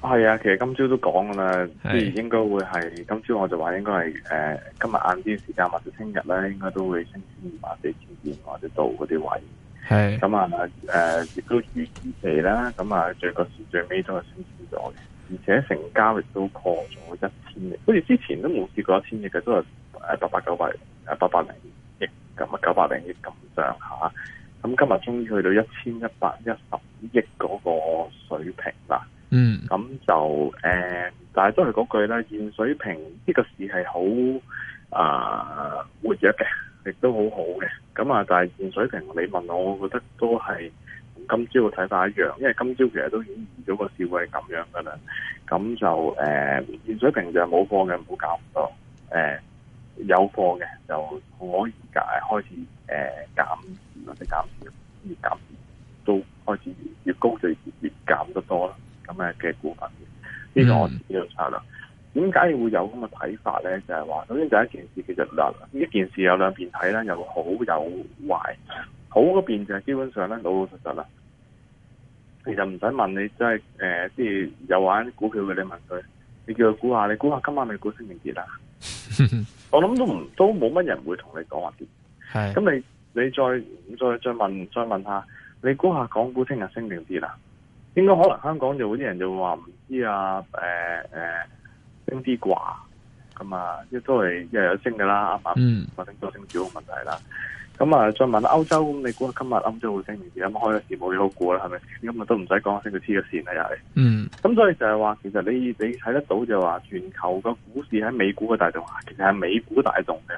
係啊，其實今朝都講噶啦，即係應該會係今朝我就話應該係誒，今日晏啲時間或者聽日咧，應該都會升至二萬四千點或者到嗰啲位。係咁啊，誒、嗯、亦、呃、都預期啦，咁、嗯、啊，最個時最尾都係升穿咗嘅，而且成交亦都破咗一千億，好似之前都冇試過一千億嘅，都係誒八百九百誒八百零億咁啊，九百零億咁上下。咁、嗯、今日終於去到一千一百一十億嗰個水平啦。嗯，咁就誒，但係都係嗰句啦，現水平呢個市係好啊活躍嘅，亦都好好嘅。咁啊，但係現水平，你問我，我覺得都係同今朝嘅睇法一樣，因為今朝其實都已經預咗個市會係咁樣噶啦。咁就誒、呃，現水平就冇貨嘅唔好減咁多，誒、呃、有貨嘅就可以係開始誒減或者減少，越減都開始越，越高最住。嘅股份呢，這個我自己就拆啦。點解會有咁嘅睇法咧？就係、是、話，首先第一件事其實拆啦。一件事有兩邊睇啦，有好有壞。好嗰邊就係基本上咧老老實實啦。其實唔使問你，即係誒，即、呃、係有玩股票嘅，你問佢，你叫佢估下，你估下今晚你股升定跌啦。 我諗都唔都冇乜人會同你講話跌。係， 咁你你再再再問再問一下，你估下港股聽日升定跌啊？應該可能香港就好啲人就話唔知道啊，誒、呃、誒、呃、升啲啩，咁啊，即係都係一日有升噶啦，係嘛？個升多升少嘅問題啦。咁啊，再問歐洲，你估下今日歐洲會升唔升？開個市冇嘢好估啦，係咪？今日都唔使講升就黐咗線啦，又係。嗯，咁所以就係話，其實你你睇得到就話，全球嘅股市喺美股嘅帶動，其實係美股帶動嘅，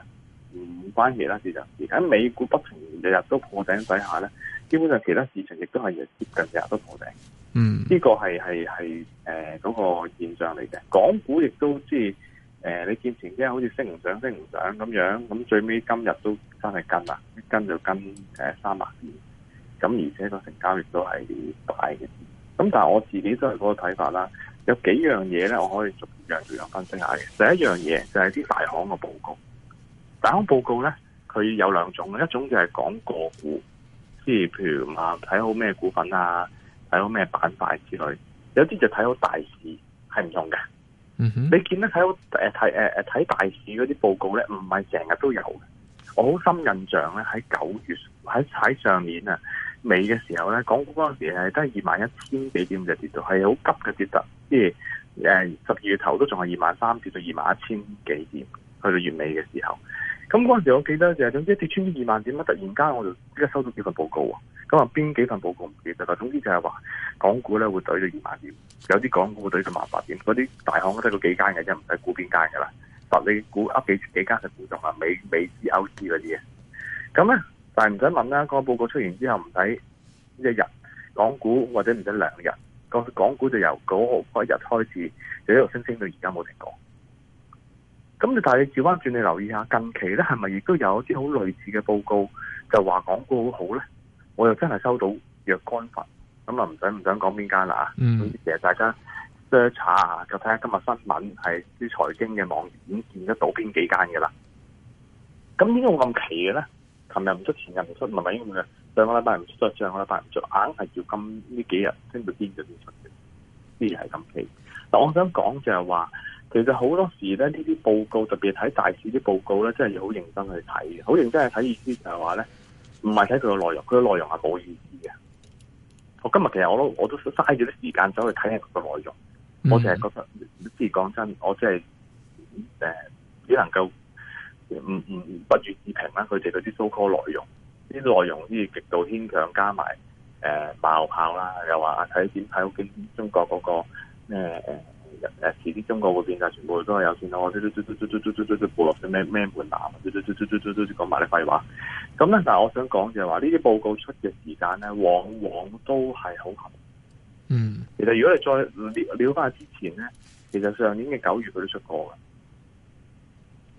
唔關其他市場事。事實。喺美股不停日日都破頂底下咧，基本上其他市場亦都係接近日日都破頂。嗯，呢個係係係誒嗰個現象嚟嘅，港股亦都即係誒，你見前幾日好似升唔上，升唔上咁樣，咁、嗯、最尾今日都真係跟啦，一跟就跟誒三萬二，咁、呃嗯、而且個成交亦都係大嘅，咁、嗯、但係我自己都係嗰個睇法啦，有幾樣嘢咧，我可以逐樣逐樣分析下嘅。第一樣嘢就係啲大行嘅報告，大行報告咧，佢有兩種，一種就係講個股，即係譬如話睇好咩股份啊。睇到咩板塊之類，有啲就睇好大市，係唔同嘅。嗯哼，你見得睇好誒睇誒誒睇大市嗰啲報告咧，唔係成日都有嘅。我好深印象咧，喺九月喺踩上年啊尾嘅時候咧，港股嗰陣時係都係二萬一千幾點就跌到，係好急嘅跌得，即係誒十二月頭都仲係二萬三跌到二萬一千幾點，去到月尾嘅時候。咁嗰陣時，我記得就係總之跌穿二萬點，咁突然間我就即刻收到幾份報告喎。咁啊，邊幾份報告唔記得啦。總之就係話，港股咧會對到二萬點，有啲港股會對到萬八點。嗰啲大行都得個幾間嘅啫，唔使估邊間噶啦。嗱，你估呃幾幾間嘅估中啦。美美資歐資嗰啲啊。咁咧、e，但係唔使問啦。個報告出完之後，唔使一日，港股或者唔使兩日，個港股就由九號日開始，就一路升升到而家冇停過。咁你但係調翻轉，你留意下近期咧係咪亦都有一啲好類似嘅報告，就話港股好好咧？我又真係收到若干份，咁啊唔想唔想講邊間啦？嗯，其實大家 search 下，就睇下今日新聞係啲財經嘅網已經見得到邊幾間嘅啦。咁點解會咁奇嘅咧？琴日唔出，前日唔出明明，咪咪咁嘅，兩個禮拜唔出，上兩個禮拜唔出，硬係要咁呢幾日先到編咗啲出嘅，先係咁奇。嗱，我想講就係、是、話。其實好多時咧，呢啲報告，特別睇大市啲報告咧，真係要好認真去睇嘅，好認真去睇意思就係話咧，唔係睇佢個內容，佢個內容係冇意思嘅。我今日其實我都我都嘥咗啲時間走去睇下佢個內容，嗯、我淨係覺得，即係講真，我即係，誒、呃，只能夠，唔、呃、唔不如置評啦，佢哋嗰啲 so call 內容，啲內容呢極度牽強，加埋誒爆炮啦，又話睇點睇好中中國嗰、那個咩誒。呃誒，投資中國嗰邊啊，全部都係有線咯，哦，嘟嘟嘟嘟嘟嘟嘟嘟嘟，部落咩咩盤打，嘟嘟嘟嘟嘟嘟嘟，講埋啲廢話。咁咧，但係我想講就係話，呢啲報告出嘅時間咧，往往都係好近。嗯，其實如果係再了了翻之前咧，其實上年嘅九月佢都出過嘅。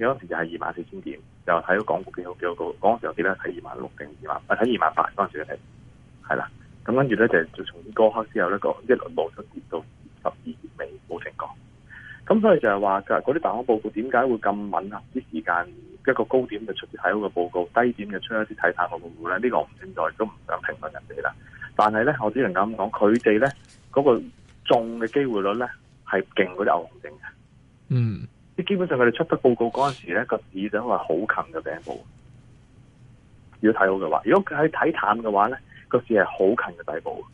嗰陣時就係二萬四千點，又睇到港股幾好幾好個, 26, 28，這個，嗰陣時又點咧？睇二萬六定二萬八啊，睇二萬八嗰陣時又睇，係啦。咁跟住咧就就從嗰刻之後咧，個一路冇咗跌到。十二未冇停過，咁所以就係話，嗱嗰啲大行報告點解會咁敏啊？啲時間一個高點就出啲睇好嘅報告，低點就出一啲睇淡嘅報告咧。呢、這個我唔清楚，都唔敢評論人哋啦。但係咧，我只能咁講，佢哋咧嗰個中嘅機會率咧係勁嗰啲牛熊證嘅。嗯，即基本上佢哋出得報告嗰陣時咧，個市就因係好近嘅底部。如果睇好嘅話，如果佢喺睇淡嘅話咧，個市係好近嘅底部。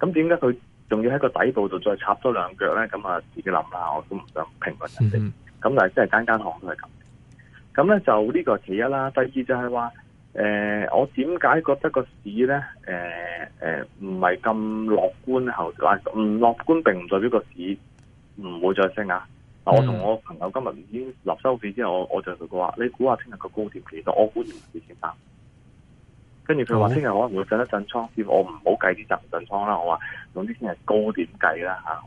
咁點解佢？仲要喺個底部度再插多兩腳咧，咁啊自己諗下，我都唔想評論嘅。咁、嗯嗯、但係真係間間行都係咁。咁咧就呢個係其一啦，第二就係話，誒、呃、我點解覺得個市咧，誒誒唔係咁樂觀後，嗱唔樂觀並唔代表個市唔會再升啊。嗱，嗯、我同我朋友今日已經立收市之後，我我就同佢話：你估下聽日個高點幾多？我估二百幾三跟住佢話聽日可能會震一震倉，我唔好計啲震唔震倉啦。我話總之先係高點計啦吓，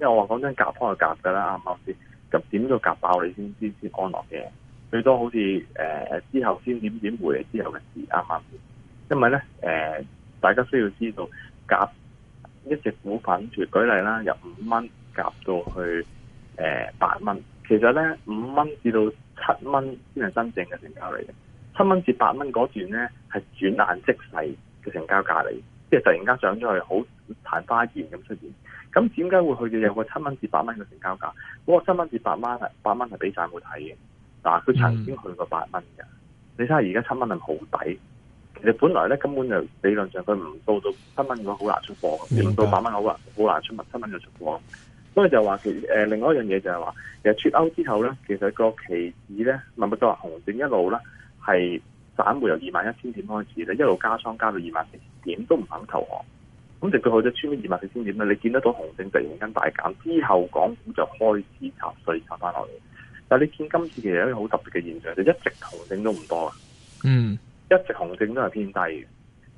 因為我話講真夾方係夾噶啦啱唔啱先？咁點都夾爆你先先先安樂嘅，最多好似誒、呃、之後先點點回嚟之後嘅事啱唔啱先？因為咧誒、呃，大家需要知道夾一隻股份，舉，舉例啦，由五蚊夾到去誒八蚊，其實咧五蚊至到七蚊先係真正嘅成交嚟嘅。七蚊至八蚊嗰段咧，係轉眼即逝嘅成交價嚟，即係突然間上咗去好曇花一現咁出現。咁點解會去到有個七蚊至八蚊嘅成交價？嗰、那個七蚊至八蚊係八蚊係俾散戶睇嘅，嗱佢曾經去過八蚊嘅。你睇下而家七蚊係好抵，其實本來咧根本就理論上佢唔到到七蚊嘅好難出貨，連到八蚊好難好難出貨，七蚊就出貨。所以就話其誒、呃，另外一樣嘢就係、是、話，其實脫歐之後咧，其實個期指咧咪咪就話紅線一路啦。係散戶由二萬一千點開始咧，一路加倉加到二萬四千點都唔肯投降，咁直到後就穿咗二萬四千點啦。你見得到紅證突然間大減之後，港股就開始插水插翻落嚟。但係你見今次其實有一個好特別嘅現象，就是、一直紅證都唔多啊，嗯，mm. 一直紅證都係偏低嘅。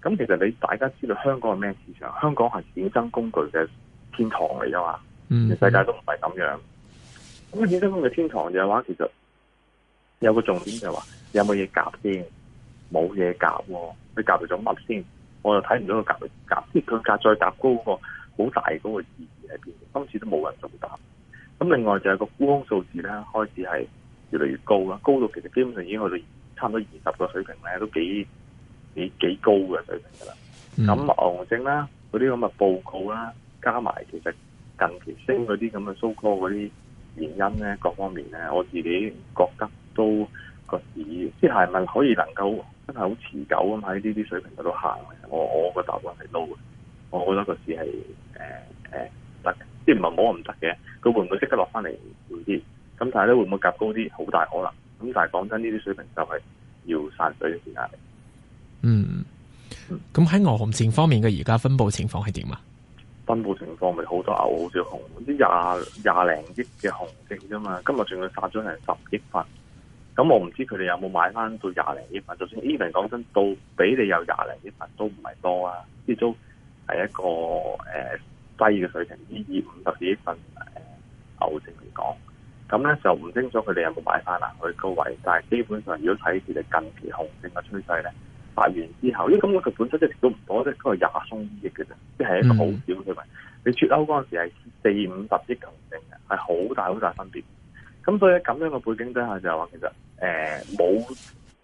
咁其實你大家知道香港係咩市場？香港係衍生工具嘅天堂嚟㗎嘛？全、mm. 世界都唔係咁樣。咁衍生工具的天堂嘅話，其實有個重點就係、是、話。有冇嘢夾先？冇嘢夾喎、啊，佢夾到咗乜先？我又睇唔到佢夾到夾，即係佢夾再夾高個好大嗰個字喺邊？今次都冇人咁答。咁另外就係個沽空數字咧，開始係越嚟越高啦，高到其實基本上已經去到差唔多二十個水平咧，都幾幾幾高嘅水平噶啦。咁癌症啦，嗰啲咁嘅報告啦，加埋其實近期升嗰啲咁嘅收購嗰啲原因咧，各方面咧，我自己覺得都。個市，即係咪可以能夠真係好持久咁喺呢啲水平度行？我我個答案係 no 嘅。我覺得個市係誒誒得即係唔係冇咁得嘅。佢、呃、會唔會即刻落翻嚟少啲？咁但係咧會唔會夾高啲？好大可能。咁但係講真，呢啲水平就係要散水嘅時間。嗯，咁喺、嗯、牛熊證方面嘅而家分布情況係點啊？分布情況咪好多牛好少熊，啲廿廿零億嘅熊證啫嘛。今日仲要殺咗成十億份。咁我唔知佢哋有冇買翻到廿零億份，就算 even 講真，到俾你有廿零億份都唔係多啊，呢都係一個誒、呃、低嘅水平，以五十億份誒牛證嚟講，咁、呃、咧就唔清楚佢哋有冇買翻啦，去高位。但係基本上，如果睇住你近期熊證嘅趨勢咧，發完之後，因為咁樣佢本身即係都唔多，即係嗰個廿億嘅啫，即、就、係、是、一個好少嘅份。Mm hmm. 你脫歐嗰陣時係四五十億牛證嘅，係好大好大分別。咁所以喺咁樣嘅背景底下就話其實誒冇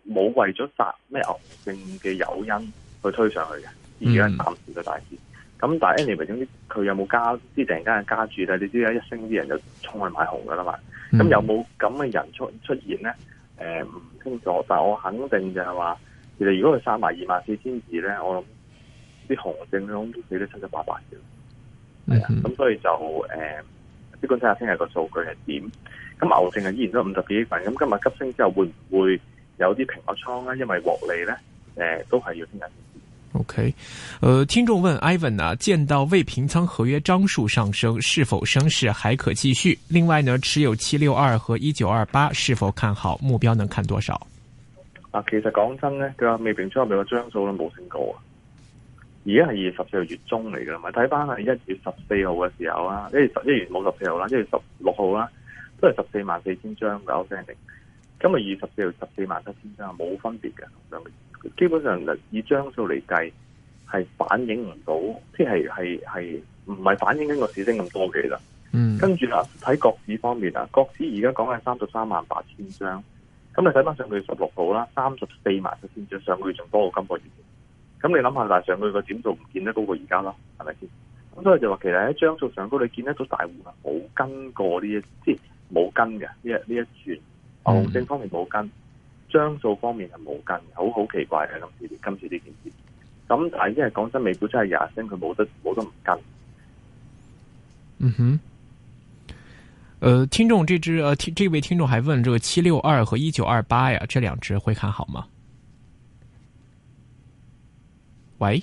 冇為咗殺咩熊性嘅誘因去推上去嘅，而家暫時嘅大事。咁、嗯、但係 anyway 總之佢有冇加啲突然間嘅加注咧？你知有一升啲人就衝去買紅噶啦嘛。咁、嗯、有冇咁嘅人出出現咧？誒、呃、唔清楚。但係我肯定就係話其實如果佢殺埋二萬四千二咧，我諗啲熊性都死得七七八八嘅。係啊、嗯。咁所以就誒即管睇下聽日個數據係點。咁牛證啊依然都五十幾億份，咁今日急升之後會唔會有啲平倉啊？因為獲利咧，誒、呃、都係要聽日。O K，誒聽眾問 Ivan 啊，見到未平倉合約張數上升，是否升勢還可繼續？另外呢，持有七六二和一九二八是否看好？目標能看多少？啊，其實講真咧，佢話未平倉入面個張數都冇升高啊，而家係二月十四號月中嚟噶，咪睇翻係一月十四號嘅時候啦，一月十一月冇十四號啦，一月十六號啦。都係十四萬四千張嘅 outstanding，今日二十四號十四萬七千張冇分別嘅，兩個基本上以張數嚟計係反映唔到，即係係係唔係反映緊個市升咁多嘅啦。嗯，跟住啦，睇國指方面啊，國指而家講緊三十三萬八千張，咁你睇翻上個月十六號啦，三十四萬七千張，上個月仲多過今個月，咁你諗下，但係上個月個點數唔見得高過而家咯，係咪先？咁所以就話其實喺張數上高，你見得到大戶啊冇跟過啲，即係。冇跟嘅呢一呢一轉，恒生方面冇跟，張數方面係冇跟，好好奇怪嘅今次今次呢件事。咁但係因為講真，美股真係廿升，佢冇得冇得唔跟。嗯哼，呃，聽眾這，這支呃，聽，這位聽眾還問，這個七六二和一九二八呀，這兩隻會看好嗎？喂？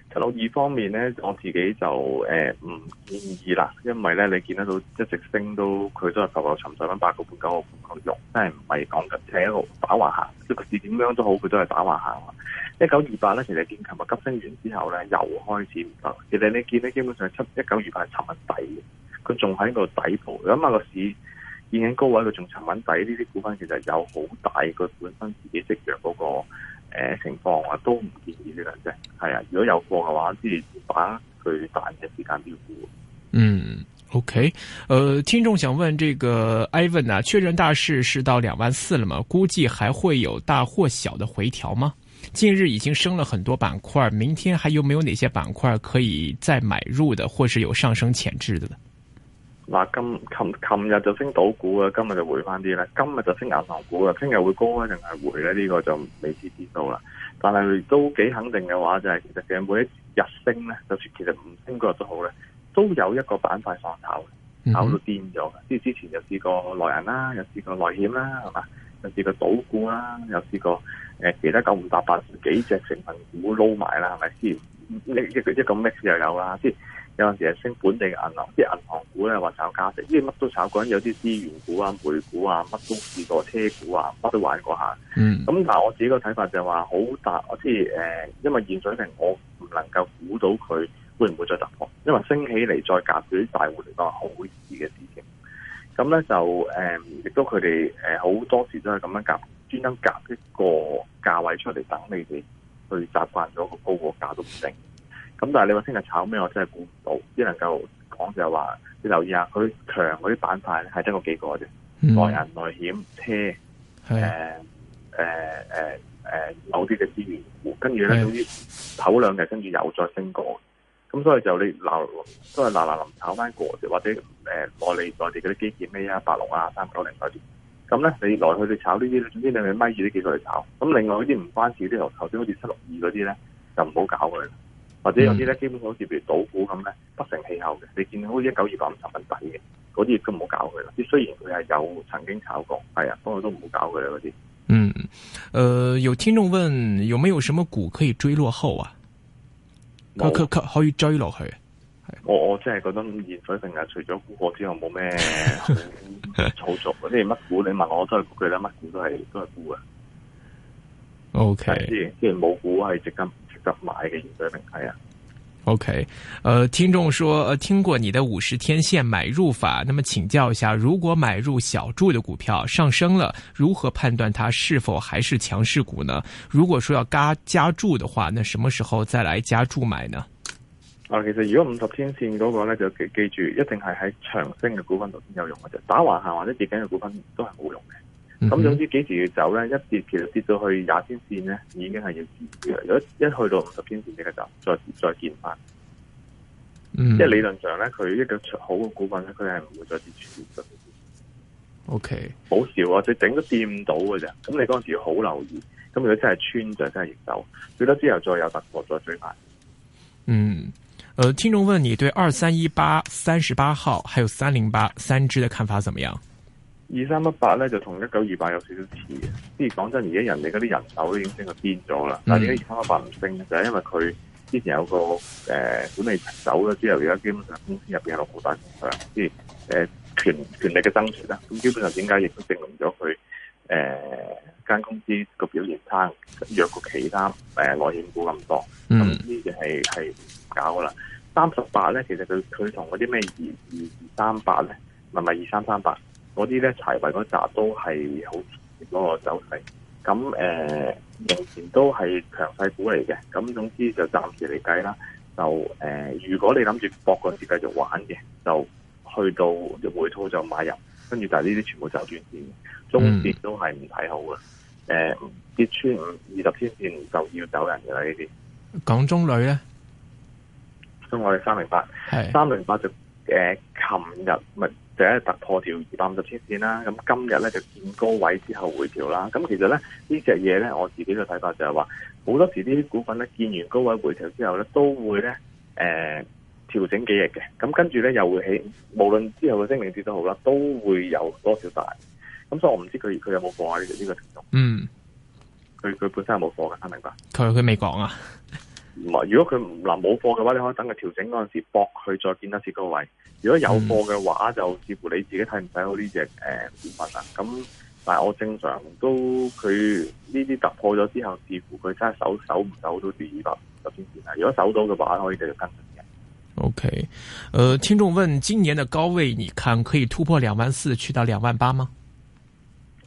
七六二方面咧，我自己就誒唔、欸、建議啦，因為咧你見得到一直升都都到佢都係浮浮沉上揾八個半九個半咁肉，真係唔係講緊，係一個打橫行。個市點樣都好，佢都係打橫行。一九二八咧，其實見琴日急升完之後咧，又開始唔得。其實你見呢，基本上七一九二八係沉穩底嘅，佢仲喺個底部。咁下個市已經高位，佢仲沉穩底，呢啲股份其實有好大個本身自己積弱嗰、那個。情況我都唔建議呢樣嘅，係啊、嗯，如果有貨嘅話，先打佢大嘅時間短股。嗯，OK，誒，聽眾想問這個 Ivan 啊，確認大市是到兩萬四了嗎？估計還會有大或小的回調嗎？近日已經升了很多板塊，明天還有沒有哪些板塊可以再買入的，或是有上升潛質的？嗱、啊，今日就升賭股啊，今日就回翻啲啦。今日就升銀行股啊，聽日會高啊，定係回咧？呢、這個就未知之數啦。但係都幾肯定嘅話就係、是，其實嘅每一日升咧，就算其實唔升嗰日都好咧，都有一個板塊上炒，炒到癲咗嘅即係之前有試過內銀啦，又試過內險啦，係嘛，又試過賭股啦，又試過誒、呃、其他九五八八幾隻成分股撈埋啦，係咪先？一一個一個 mix 又有啦，即有陣時係升本地嘅銀行，啲銀行股咧話炒價值，因為乜都炒過。嗰有啲資源股啊、煤股啊，乜都試過。車股啊，乜都玩過一下。咁、嗯、但我自己個睇法就係話，好大，即係誒，因為現水平我唔能夠估到佢會唔會再突破，因為升起嚟再夾住啲大戶嚟講係好易嘅事情。咁咧就誒，亦、嗯、都佢哋誒好多時都係咁樣夾，專登夾一個價位出嚟等你哋去習慣咗、個高個價都唔定。咁但係你話聽日炒咩，我真係估唔到，只能夠講就係話，你留意下佢強嗰啲板塊咧，係得嗰幾個啫，內、mm. 銀、內險、車，誒誒誒誒，某啲嘅資源跟住咧，總之跑兩日，跟住的又再升過，咁所以就你嗱，都係嗱嗱臨炒翻嗰隻，或者誒內地內地嗰啲基建咩啊，百六啊，三九零嗰啲，咁咧你來去你炒呢啲咧，總之你咪住呢幾個嚟炒，咁另外嗰啲唔關事啲牛頭先，好似七六二嗰啲咧，就唔好搞佢。或者有啲咧，基本上好似譬如賭股咁咧，不成氣候嘅。你見到好似一九二百五十蚊底嘅，嗰啲亦都唔好搞佢啦。即雖然佢係有曾經炒過，係啊，不過都唔好搞佢啦嗰啲。嗯，誒、呃，有聽眾問，有冇有什麼股可以追落後啊？有可可可以追落去？我我真係覺得現水平啊，除咗沽過之外，冇咩好炒作。即係乜股你問我，我都係沽佢啦，乜股都係都係沽嘅。OK，即係冇股係積金。買嘅原則係啊。OK，呃，聽眾說、呃、聽過你的五十天線買入法，那麼請教一下，如果買入小注的股票上升了，如何判斷它是否還是強勢股呢？如果說要加加注的話，那什麼時候再來加注買呢？啊，其實如果五十天線嗰個呢，就記記住，一定係喺長升嘅股份度先有用嘅啫，打橫行或者跌緊嘅股份都係冇用嘅。咁、嗯、總之幾時要走咧？一跌，其實跌到去廿天線咧，已經係要止住。如果一去到五十天線嘅就再再見翻。嗯，即係理論上咧，佢一個出好嘅股份咧，佢係唔會再跌穿。OK，好少啊，最頂都掂到㗎啫。咁你嗰陣時好留意。咁如果真係穿就真係要走，最多之後再有突破再追買。嗯，呃，聽眾問你對二三一八、三十八號，還有三零八三支嘅看法，怎麼樣？二三一八咧就同一九二八有少少似嘅，即係講真，而家人哋嗰啲人手都已經升到癲咗啦。但係點解二三一八唔升，就係、是、因為佢之前有個誒管理層走咗之後，而家基本上公司入邊有個好大方向，即係誒權權力嘅增缺啦。咁基本上點解亦都證明咗佢誒間公司個表現差弱過其他誒內險股咁多，咁、嗯、呢就係係唔搞噶啦。三十八咧，其實佢佢同嗰啲咩二二二三八咧，唔咪二三三八。嗰啲咧柴運嗰扎都係好嗰個走勢，咁誒目前都係強勢股嚟嘅，咁總之就暫時嚟計啦。就誒、呃，如果你諗住搏嗰時繼續玩嘅，就去到回吐就買入，跟住但係呢啲全部走短線，中線都係唔睇好嘅。誒、嗯，跌穿、呃、二十天線就要走人嘅啦呢啲。港中旅咧，咁我哋三零八，三零八就誒，琴日咪。就係突破條二百五十天線啦，咁今日咧就見高位之後回調啦，咁其實咧呢隻嘢咧我自己嘅睇法就係話，好多時啲股份咧見完高位回調之後咧都會咧誒調整幾日嘅，咁跟住咧又會起，無論之後嘅升凌跌都好啦，都會有多少大，咁所以我唔知佢佢有冇貨喺呢個程度，嗯，佢佢本身係冇貨噶，明唔明白？佢佢未講啊。 唔係，如果佢唔嗱冇貨嘅話，你可以等佢調整嗰陣時搏佢再見一次嗰個位。如果有貨嘅話，就視乎你自己睇唔睇好呢隻誒物品啦。咁、嗯呃、但係我正常都佢呢啲突破咗之後，視乎佢真係守守唔守到至二百五十天線啊。如果守到嘅話，可以繼續跟進嘅。O K，誒，聽眾問，今年嘅高位，你看可以突破兩萬四去到兩萬八嗎？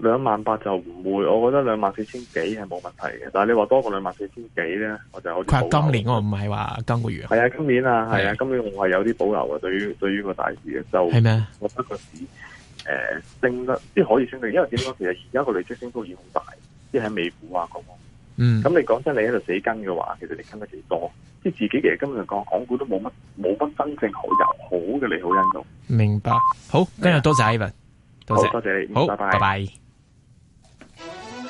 兩萬八就唔會，我覺得兩萬四千幾係冇問題嘅。但係你話多過兩萬四千幾咧，我就有啲保留。佢係今年我唔係話今個月，係啊今年啊係啊今年我係有啲保留啊。對於對於個大市嘅就，嗎我覺得個市誒升得即係可以升嘅，因為點講？其實而家個累積升幅已經好大， 即係喺美股啊嗰個。嗯，咁你講真，你喺度死跟嘅話，其實你跟得幾多？即係自己其實今日嚟講，港股都冇乜冇乜真正好又好嘅利好因素。印明白，好，今日，嗯，多謝 Ivan 多謝多謝你，好，拜拜。拜拜。